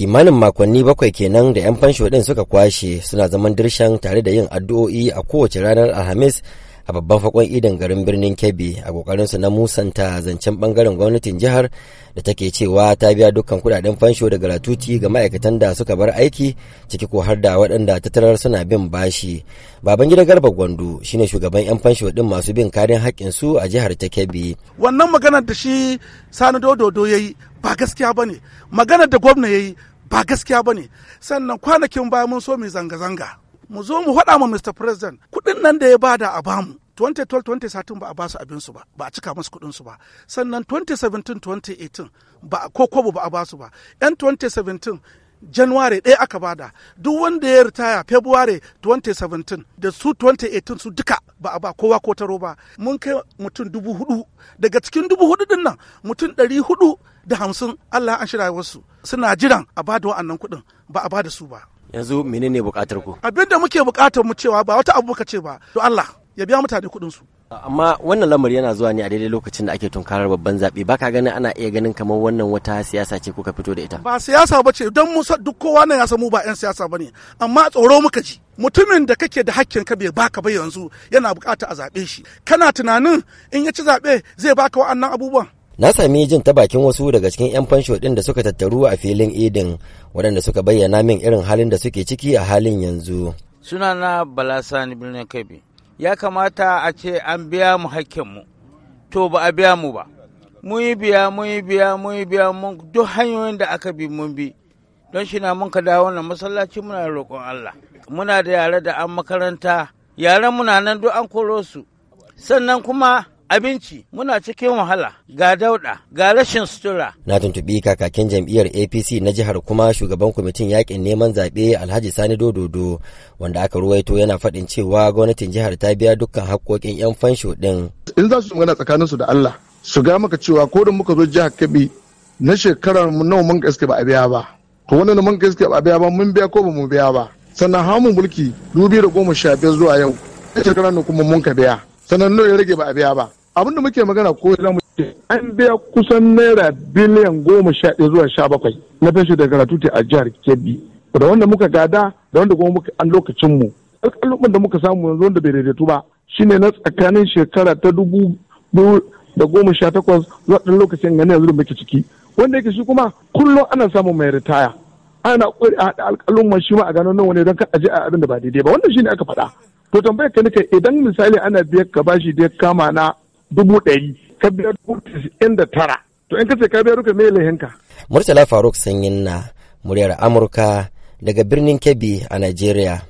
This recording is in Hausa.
kimanin makonni bakwai kenan da 'yan fansho din suka kwashe suna zaman dirshan tare da yin addu'o'i a kowace ranar alhamis a babban fakon idan garin birnin kebbi a kokarin su na musanta zancen bangaren gwamnatin jihar da take cewa ta biya dukkan kudaden fansho daga latuti ga ma'aikatan da suka bar aiki ciki ko har da waɗanda tattalar suna bin bashi baban gidan garba gwando shine shugaban yan fansho din masu bin karin haƙƙin su a jihar ta kebbi wannan maganar da shi sani ya yayi ba gaskiya bane maganar da gwamna yayi ba gaskiya ba ne sannan kwanakin baya mun so mu zanga-zanga mu zo mu faɗa ma mr president kuɗin nan da ya bada a bamu 2012-2013 ba a basu abinsu ba ba a cika musu su ba sannan 2017-2018 ba ko kobo ba a basu ba yan 2017 january ɗaya aka bada duk wanda ya ritaya february 2017 da su 2018 su duka ba a ba kowa ko taro ba mun kai mutum dubu hudu daga cikin dubu hudu din nan mutum ɗari hudu da hamsin allah an shirya wasu suna jiran a bada wa'annan kuɗin ba a bada su ba yanzu menene buƙatar ku abinda muke buƙatar mu cewa ba wata abu ka ce ba to allah ya biya mutane kuɗin su amma wannan lamari yana zuwa ne a daidai lokacin da ake tunkarar babban zaɓe baka ganin ana iya ganin kamar wannan wata siyasa ce kuka fito da ita ba siyasa ba ce don mu duk kowa nan ya samu ba yan siyasa ba ne amma tsoro muka ji mutumin da kake da hakkin ka bai baka ba yanzu yana bukata a zabe shi kana tunanin in ya ci zaɓe zai baka wa'annan abubuwan na sami jin ta bakin wasu daga cikin 'yan fansho din da suka tattaru a filin idin waɗanda suka bayyana min irin halin da suke ciki a halin yanzu sunana bala sani birnin kabi. ya kamata a ce an biya mu hakkinmu to ba a biya mu ba mun yi biya mun yi biya mun yi biya mun duk hanyoyin da aka bi mun bi don shi na mun ka dawo wannan masallaci muna roƙon Allah muna da yare da an makaranta yaren muna nan duk an koro su sannan kuma abinci muna cikin wahala ga dauda ga rashin sutura. Na tuntuɓi kakakin jam'iyyar APC na jihar kuma shugaban kwamitin yakin neman zaɓe Alhaji Sani Dododo wanda aka ruwaito yana faɗin cewa gwamnatin jihar ta biya dukkan haƙƙoƙin 'yan fansho ɗin. In za su magana tsakaninsu da Allah su ga maka cewa ko da muka zo jihar Kebbi na shekarar nawa mun gaske ba a biya ba. To wannan mun gaske ba a biya ba mun biya ko ba mu biya ba. Sannan hamun mulki dubi da goma sha biyar zuwa yau. Shekarar kuma mun ka biya. Sannan nawa ya rage ba a biya ba. abin da muke magana ko za mu ce an biya kusan naira biliyan goma sha ɗaya zuwa sha bakwai na fashe da karatu a jihar kebbi da wanda muka gada da wanda kuma muka an lokacin mu alƙalubin da muka samu yanzu wanda bai daidaitu ba shine na tsakanin shekara ta dubu da goma sha takwas zuwa ɗan lokacin gani yanzu da muke ciki wanda yake shi kuma kullum ana samun mai ritaya ana ƙuri a haɗa alƙalin shi ma a gano nan wani don kada a je a abin da ba daidai ba wannan shine aka faɗa to tambayar ka nika idan misali ana biyar ka bashi da kama na dubu ɗari ka biya dubu tisa'in da tara to in ka ce ka biya duka me lahinka. murtala faruk sanyin na muryar amurka daga birnin kebbi a nigeria.